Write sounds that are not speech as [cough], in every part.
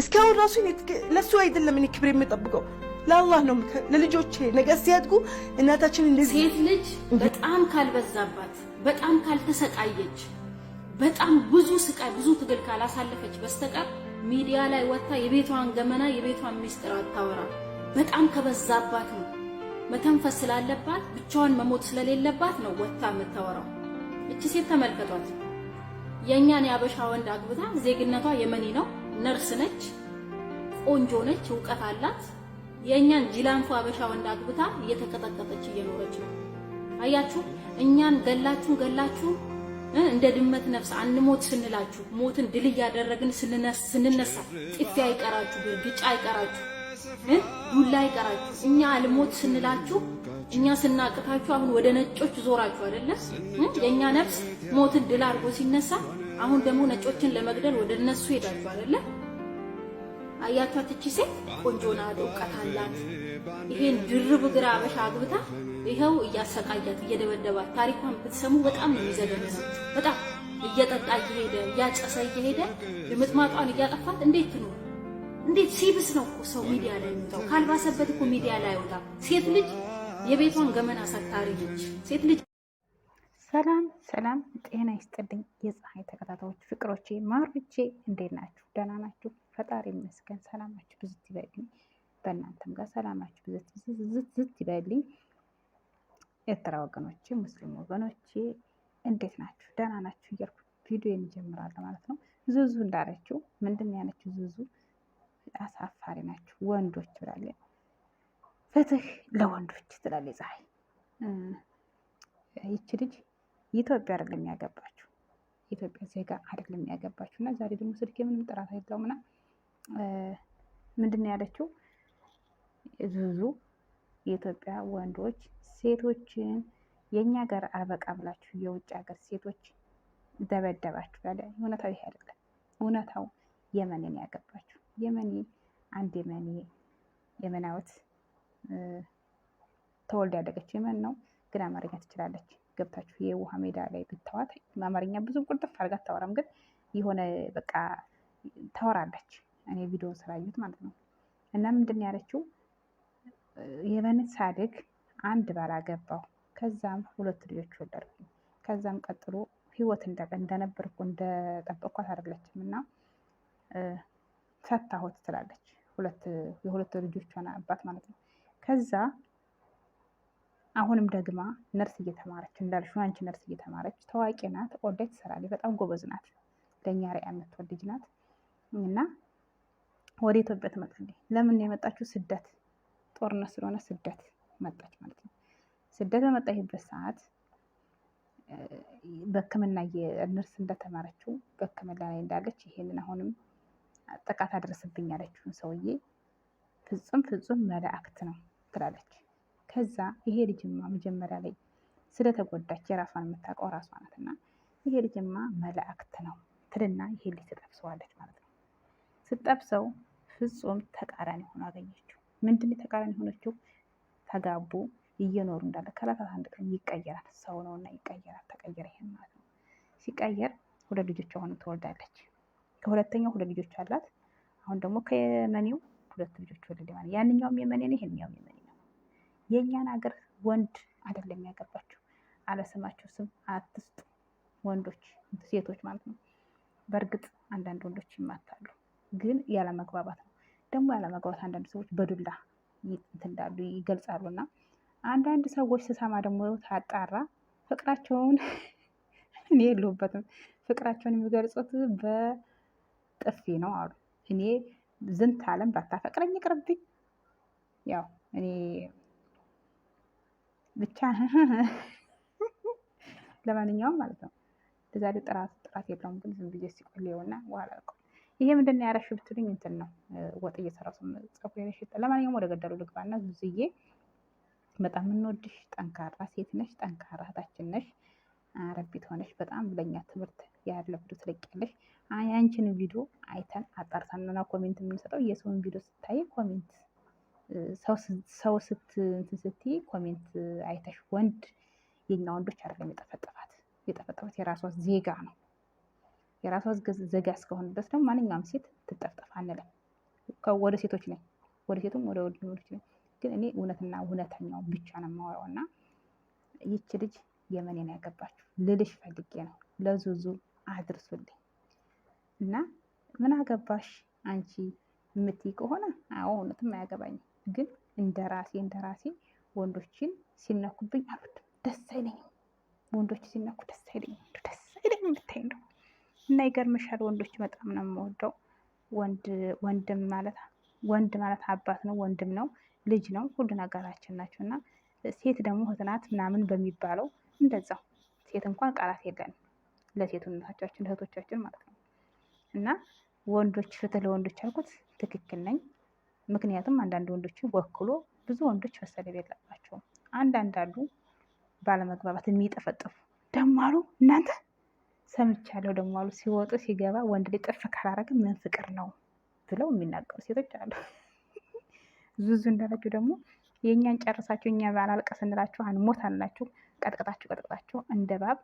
እስካሁን ራሱ ለሱ አይደለም እኔ ክብር የምጠብቀው ለአላህ ነው። ለልጆቼ ነገ ሲያድጉ እናታችን እንደዚህ ሴት ልጅ በጣም ካልበዛባት፣ በጣም ካልተሰቃየች፣ በጣም ብዙ ስቃይ ብዙ ትግል ካላሳለፈች በስተቀር ሚዲያ ላይ ወጥታ የቤቷን ገመና የቤቷን ሚስጥር አታወራ። በጣም ከበዛባት ነው መተንፈስ ስላለባት ብቻዋን መሞት ስለሌለባት ነው ወጥታ የምታወራው። እቺ ሴት ተመልከቷት። የእኛን የአበሻ ወንድ አግብታ ዜግነቷ የመኒ ነው ነርስ ነች፣ ቆንጆ ነች፣ እውቀት አላት። የእኛን ጅላንፎ አበሻ ወንድ አግብታ እየተቀጠቀጠች እየኖረች ነው። አያችሁ፣ እኛን ገላችሁ ገላችሁ እንደ ድመት ነፍስ አንሞት ስንላችሁ ሞትን ድል እያደረግን ስንነሳ ጥፊ አይቀራችሁ፣ ግጫ አይቀራችሁ፣ ዱላ አይቀራችሁ። እኛ አልሞት ስንላችሁ እኛ ስናቅታችሁ አሁን ወደ ነጮች ዞራችሁ አይደለም። የእኛ ነፍስ ሞትን ድል አድርጎ ሲነሳ አሁን ደግሞ ነጮችን ለመግደል ወደ እነሱ ሄዳችሁ አይደለ? አያቷት እቺ ሴት ቆንጆ ናት፣ እውቀት አላት። ይሄን ድርብ ግራ አበሻ አግብታ ይኸው እያሰቃያት እየደበደባት፣ ታሪኳን ብትሰሙ በጣም ነው የሚዘገነው። በጣም እየጠጣ እየሄደ እያጨሰ እየሄደ የምጥማጧን እያጠፋት እንዴት ነው እንዴት ሲብስ ነው እኮ ሰው ሚዲያ ላይ የሚወጣው። ካልባሰበት እኮ ሚዲያ ላይ አይወጣም። ሴት ልጅ የቤቷን ገመና ሰታሪ ነች ሴት ልጅ ሰላም ሰላም፣ ጤና ይስጥልኝ የፀሐይ ተከታታዮች ፍቅሮቼ፣ ማሮቼ እንዴት ናችሁ? ደህና ናችሁ? ፈጣሪ ይመስገን። ሰላማችሁ ብዝት ይበልኝ፣ በእናንተም ጋር ሰላማችሁ ብዝት ይበልኝ። ኤርትራ ወገኖቼ፣ ሙስሊም ወገኖቼ እንዴት ናችሁ? ደህና ናችሁ እያልኩ ቪዲዮ እንጀምራለን ማለት ነው። ዙዙ እንዳለችው ምንድን ያለችው ዙዙ አሳፋሪ ናችሁ ወንዶች ትላለች። ፍትህ ለወንዶች ትላለች ፀሐይ ይቺ ልጅ ኢትዮጵያ አይደለም ያገባችሁ ኢትዮጵያ ዜጋ አይደለም ያገባችሁ። እና ዛሬ ደግሞ ስልኬ ምንም ጥራት አይለው እና ምንድን ነው ያለችው ዙዙ የኢትዮጵያ ወንዶች ሴቶችን የእኛ ሀገር አበቃ ብላችሁ የውጭ ሀገር ሴቶች ደበደባችሁ ያለ እውነታው ይሄ አይደለም። እውነታው የመንን ያገባችሁ የመን አንድ የመኔ የመናወት ተወልዶ ያደገችው የመን ነው፣ ግን አማርኛ ትችላለች። ገብታችሁ የውሃ ሜዳ ላይ ብተዋት አማርኛ ብዙም ቁልጥፍ አድርጋ አታወራም፣ ግን የሆነ በቃ ታወራለች። እኔ ቪዲዮ ስላየሁት ማለት ነው። እና ምንድን ያለችው የበንት ሳድግ አንድ ባላገባው ከዛም ሁለት ልጆች ወለድኩ። ከዛም ቀጥሎ ህይወት እንደነበርኩ እንደጠበቅኳት አይደለችም እና ፈታሁት ትላለች። የሁለት ልጆቿን አባት ማለት ነው ከዛ አሁንም ደግማ ነርስ እየተማረች እንዳልሽው አንቺ ነርስ እየተማረች ታዋቂ ናት። ኦዴት ትሰራለች። በጣም ጎበዝ ናት። ለእኛ ራዕያ የምትወልጅ ናት እና ወደ ኢትዮጵያ ትመጣለች። ለምን የመጣችው ስደት ጦርነት ስለሆነ ስደት መጣች ማለት ነው። ስደት በመጣችበት ሰዓት በሕክምና የነርስ እንደተማረችው በሕክምና ላይ እንዳለች ይሄንን አሁንም ጥቃት አደረሰብኝ ያለችውን ሰውዬ ፍጹም ፍጹም መላእክት ነው ትላለች። ከዛ ይሄ ልጅማ መጀመሪያ ላይ ስለተጎዳች የራሷን የምታውቀው ራሷ ናት እና ይሄ ልጅማ መላእክት ነው ትልና ይሄ ልጅ ትጠብሰዋለች ማለት ነው። ስጠብሰው ፍጹም ተቃራኒ ሆኖ አገኘችው። ምንድን ተቃራኒ ሆነችው? ተጋቡ እየኖሩ እንዳለ ከላታት አንድ ቀን ይቀየራል። ሰው ነውና ይቀየራል። ተቀየረ ይሄን ማለት ነው። ሲቀየር ሁለት ልጆች አሁንም ትወልዳለች። ከሁለተኛው ሁለት ልጆች አላት። አሁን ደግሞ ከየመኔው ሁለት ልጆች ወለደ ማለት ያንኛውም የመኔ ነው፣ ይሄንኛውም የመኔ የእኛን ሀገር ወንድ አይደለም ያገባችሁ። አለስማችሁ ስም አትስጡ፣ ወንዶች ሴቶች ማለት ነው። በእርግጥ አንዳንድ ወንዶች ይማታሉ፣ ግን ያለመግባባት ነው። ደግሞ ያለመግባባት አንዳንድ ሰዎች በዱላ እንዳሉ ይገልጻሉ። እና አንዳንድ ሰዎች ስሰማ ደግሞ ታጣራ ፍቅራቸውን [laughs] እኔ የለሁበትም ፍቅራቸውን የሚገልጹት በጥፊ ነው አሉ። እኔ ዝንት አለም ባታፈቅረኝ ይቅርብኝ። ያው እኔ ብቻ [laughs] ለማንኛውም ማለት ነው። ለዛሬ ጥራት ጥራት የለውም ግን ዝም ብዬ ሲቆሌውና በኋላ ይሄ ምንድን ነው ያረሽ ብትሉኝ እንትን ነው ወጥ እየሰራሁ ፀጉሬ ነው ሽጣ። ለማንኛውም ወደ ገደሉ ልግባና ዙዙዬ በጣም የምንወድሽ ጠንካራ ሴት ነሽ፣ ጠንካራ እህታችን ነሽ፣ ረቢት ሆነሽ በጣም ለእኛ ትምህርት ያለ ቪዲዮ ትለቂያለሽ። የአንቺን ቪዲዮ አይተን አጣርተን ነው ኮሜንት የምንሰጠው። የሰውን ቪዲዮ ስታይ ኮሜንት ሰው ስት ስትይ ኮሜንት አይተሽ ወንድ የኛ ወንዶች አይደለም የጠፈጠፋት የጠፈጠፋት የራሷ ዜጋ ነው። የራሷ ዜጋ እስከሆነ ድረስ ደግሞ ማንኛውም ሴት ትጠፍጠፍ አንለም። ወደ ሴቶች ነኝ ወደ ሴቱም ወደ ወንድ ወንዶች ነኝ፣ ግን እኔ እውነትና እውነተኛው ብቻ ነው የማወራው። እና ይቺ ልጅ የመኔን ያገባችው ልልሽ ፈልጌ ነው። ለዙዙ አድርሱልኝ እና ምን አገባሽ አንቺ የምትይ ከሆነ አዎ እውነትም አያገባኝም። ግን እንደ ራሴ እንደ ራሴ ወንዶችን ሲነኩብኝ አሉት ደስ አይለኝም። ወንዶች ሲነኩ ደስ አይለኝም፣ ደስ አይለኝም ብታይ ነው። እና ይገርምሻል፣ ወንዶች በጣም ነው የምወደው። ወንድም ማለት ወንድ ማለት አባት ነው፣ ወንድም ነው፣ ልጅ ነው፣ ሁሉ ነገራችን ናቸው። እና ሴት ደግሞ እህት ናት ምናምን በሚባለው እንደዛው ሴት እንኳን ቃላት የለንም ለሴትነቶቻችን እህቶቻችን ማለት ነው። እና ወንዶች ፍትህ ለወንዶች አልኩት፣ ትክክል ነኝ። ምክንያቱም አንዳንድ ወንዶች ወክሎ ብዙ ወንዶች መሰደብ የለባቸውም። አንዳንድ አሉ ባለመግባባት የሚጠፈጥፉ ደግሞ አሉ እናንተ ሰምቻለሁ ደግሞ አሉ ሲወጡ ሲገባ ወንድ ላይ ጥፍ ካላረገ ምን ፍቅር ነው ብለው የሚናገሩ ሴቶች አሉ። [laughs] ዙዙ እንዳላችሁ ደግሞ የእኛን ጨርሳችሁ እኛ ባላልቀ ስንላችሁ አንሞት አላችሁ ቀጥቅጣችሁ ቀጥቅጣችሁ እንደ ባብ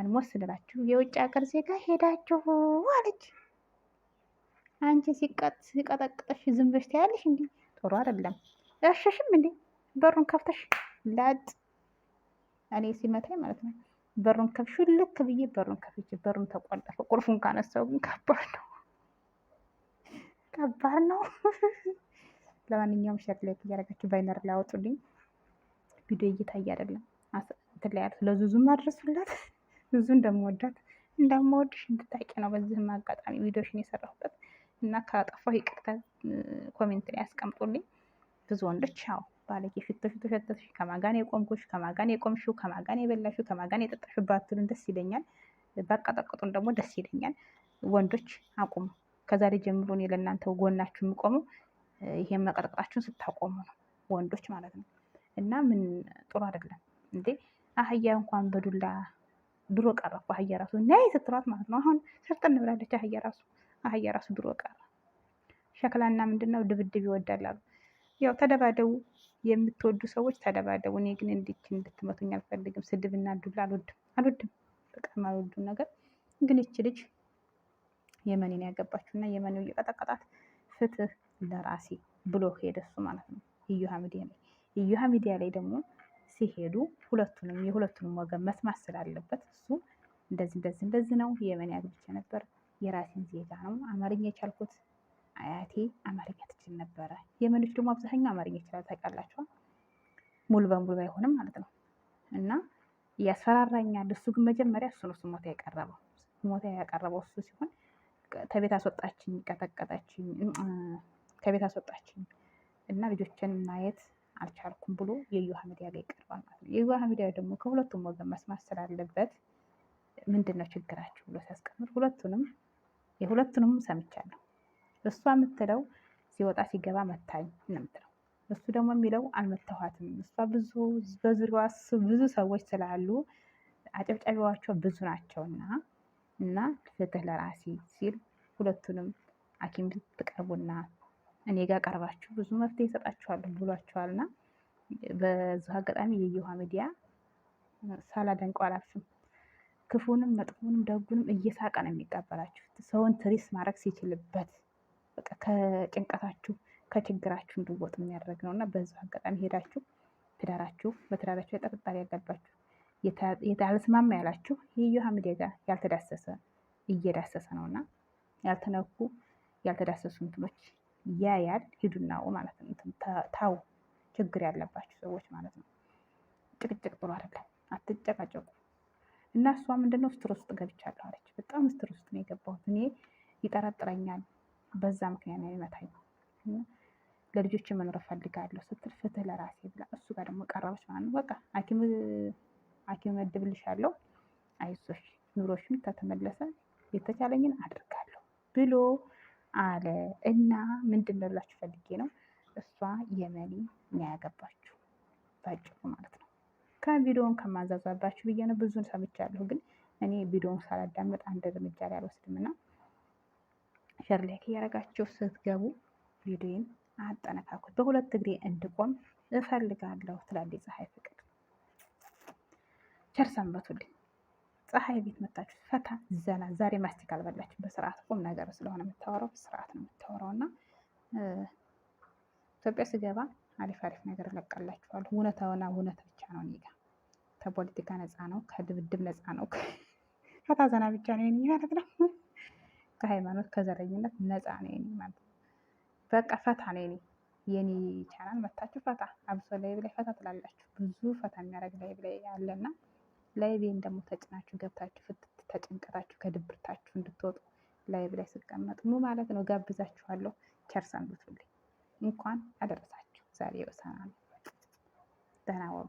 አንሞት ስንላችሁ የውጭ ሀገር ዜጋ ሄዳችሁ አለች። አንቺ ሲቀጥ ሲቀጠቅጥሽ ዝም ብለሽ ትያለሽ እንዴ? ጥሩ አይደለም። እሸሽም እንዴ በሩን ከፍተሽ ላጥ እኔ ሲመታኝ ማለት ነው። በሩን ከፍሽ ልክ ብዬ በሩን ከፍቼ በሩን ተቆለፈ። ቁልፉን ካነሳው ግን ከባድ ነው፣ ከባድ ነው። ለማንኛውም ሸር ላይ እያደረጋችሁ ባይነር ላይ አውጡልኝ። ቪዲዮ እየታየ አይደለም ትለያል። ለዙዙ ማድረሱላት ዙዙ እንደምወዳት እንደምወድሽ እንድታቂ ነው። በዚህም አጋጣሚ ቪዲዮሽን የሰራሁበት እና ካጠፋሁ ይቅርታ ኮሜንት ላይ አስቀምጦልኝ። ብዙ ወንዶች ያው ባለጌ ሽቶ ሽቶ ሸተትሽ፣ ከማጋን የቆምኩሽ፣ ከማጋን የቆምሽው፣ ከማጋን የበላሽው፣ ከማጋን የጠጣሽው ባትሉን ደስ ይለኛል። ባቀጠቅጡን ደግሞ ደስ ይለኛል። ወንዶች አቁሙ። ከዛሬ ጀምሮ እኔ ለእናንተ ጎናችሁ የምቆመው ይሄን መቀጠቅጣችሁን ስታቆሙ ነው፣ ወንዶች ማለት ነው። እና ምን ጥሩ አይደለም እንዴ! አህያ እንኳን በዱላ ድሮ ቀረኩ አህያ ራሱ ነይ ስትሏት ማለት ነው። አሁን ሰርጠን ብላለች አህያ ራሱ አህያ ራሱ ድሮ ቀረ። ሸክላና ምንድን ነው ድብድብ ይወዳል አሉ። ያው ተደባደቡ፣ የምትወዱ ሰዎች ተደባደቡ። እኔ ግን እንዲች እንድትመቱኝ አልፈልግም። ስድብና ዱላ አልወድም አልወድም፣ በጣም አልወድም ነገር ግን ይቺ ልጅ የመኔን ያገባችሁና የመኔው እየቀጠቀጣት ፍትህ ለራሴ ብሎ ሄደ እሱ ማለት ነው እዮሃ ሚዲያ ላይ እዮሃ ሚዲያ ላይ ደግሞ ሲሄዱ ሁለቱንም የሁለቱንም ወገን መስማት ስላለበት እሱ እንደዚህ እንደዚህ እንደዚህ ነው የመኔ አግብቼ ነበር የራሴን ዜጋ ነው። አማርኛ የቻልኩት አያቴ አማርኛ ትችል ነበረ። የመኖች ደግሞ አብዛኛው አማርኛ ይችላል ታውቃላችሁ፣ ሙሉ በሙሉ ባይሆንም ማለት ነው። እና ያስፈራራኛል። እሱ ግን መጀመሪያ እሱ ነው ስሞታ ያቀረበው። ስሞታ ያቀረበው እሱ ሲሆን ከቤት አስወጣችኝ፣ ቀጠቀጠችኝ፣ ከቤት አስወጣችኝ እና ልጆችን ማየት አልቻልኩም ብሎ የዩሃ ሚዲያ ላይ ይቀርባል ማለት ነው። የዩ ሚዲያ ደግሞ ከሁለቱም ወገን መስማት ስላለበት ምንድን ነው ችግራችሁ ብሎ ሲያስቀምጥ ሁለቱንም የሁለቱንም ሰምቻለሁ። እሷ የምትለው ሲወጣ ሲገባ መታኝ ነው የምትለው። እሱ ደግሞ የሚለው አልመታኋትም። እሷ ብዙ በዙሪያዋ ብዙ ሰዎች ስላሉ አጨብጫቢዋቸው ብዙ ናቸውና እና ፍትህ ለራሴ ሲል ሁለቱንም ሐኪም ትቀርቡና እኔ ጋር ቀርባችሁ ብዙ መፍትሄ ይሰጣችኋለሁ ብሏቸዋልና በዚሁ አጋጣሚ የየውሃ ሚዲያ ሳላደንቀው አላልፍም። ክፉንም መጥፎንም ደጉንም እየሳቀ ነው የሚቀበላችሁ ሰውን ትሪስ ማድረግ ሲችልበት ከጭንቀታችሁ ከችግራችሁ እንድወጡ የሚያደርግ ነው እና በዚሁ አጋጣሚ ሄዳችሁ ትዳራችሁ በትዳራችሁ ላይ ጥርጣሬ ያለባችሁ ያልስማማ ያላችሁ የዮሐ ሚዲያ ያልተዳሰሰ እየዳሰሰ ነው እና ያልተነኩ ያልተዳሰሱ እንትኖች ያያል። ሂዱና ማለት ነው ታው ችግር ያለባችሁ ሰዎች ማለት ነው። ጭቅጭቅ ጥሩ አይደለም። አትጨቃጨቁ። እና እሷ ምንድነው ስትር ውስጥ ገብቻለሁ አለች። በጣም ስትር ውስጥ ነው የገባሁት እኔ ይጠረጥረኛል፣ በዛ ምክንያት ነው የሚመታኝ፣ ለልጆች መኖር እፈልጋለሁ ስትል ፍትህ ለራሴ ብላ እሱ ጋር ደግሞ ቀረበች ማለት ነው። በቃ ሐኪም ሐኪም መድብልሻለሁ፣ አይዞሽ ኑሮሽም ተተመለሰ የተቻለኝን አድርጋለሁ ብሎ አለ እና ምንድን ነው ብላችሁ ፈልጌ ነው እሷ የመኒ ነው ያገባችሁ ባጭሩ ማለት ነው። ከቪዲዮውን ከማዛዛባችሁ ብዬ ነው። ብዙን ሰምቻለሁ፣ ግን እኔ ቪዲዮውን ሳላዳምጥ አንድ እርምጃ ላይ አልወስድም እና ሸር ላይክ እያደረጋችሁ ስትገቡ ቪዲዮን አጠነካኩት። በሁለት እግሬ እንድቆም እፈልጋለሁ ትላለች ፀሐይ ፍቅር። ቸር ሰንበቱልኝ። ፀሐይ ቤት መታችሁ ፈታ ዘና። ዛሬ ማስቲክ አልበላችሁ። በስርዓት ቁም ነገር ስለሆነ የምታወራው ስርዓት ነው የምታወራው እና ኢትዮጵያ ስገባ አሪፍ አሪፍ ነገር እለቃላችኋለሁ። እውነታውና እውነት ብቻ ነው እኔ ጋር። ከፖለቲካ ነፃ ነው፣ ከድብድብ ነፃ ነው፣ [laughs] ከታዘና ብቻ ነው የኔ ማለት ነው። [laughs] ከሃይማኖት ከዘረኝነት ነፃ ነው የኔ ማለት ነው። በቃ ፈታ ነው የኔ የኔ ቻናል መታችሁ ፈታ አብሶ ላይብ ላይ ፈታ ትላላችሁ። ብዙ ፈታ የሚያደርግ ላይ ላይ ያለና ላይቤን ደግሞ ተጭናችሁ ገብታችሁ ፍትት ተጭንቀታችሁ ከድብርታችሁ እንድትወጡ ላይ ላይ ስቀመጥ ኑ ማለት ነው። ጋብዛችኋለሁ። ቸርሳን ብትልኝ እንኳን አደረሳችሁ። سریع بزنم ده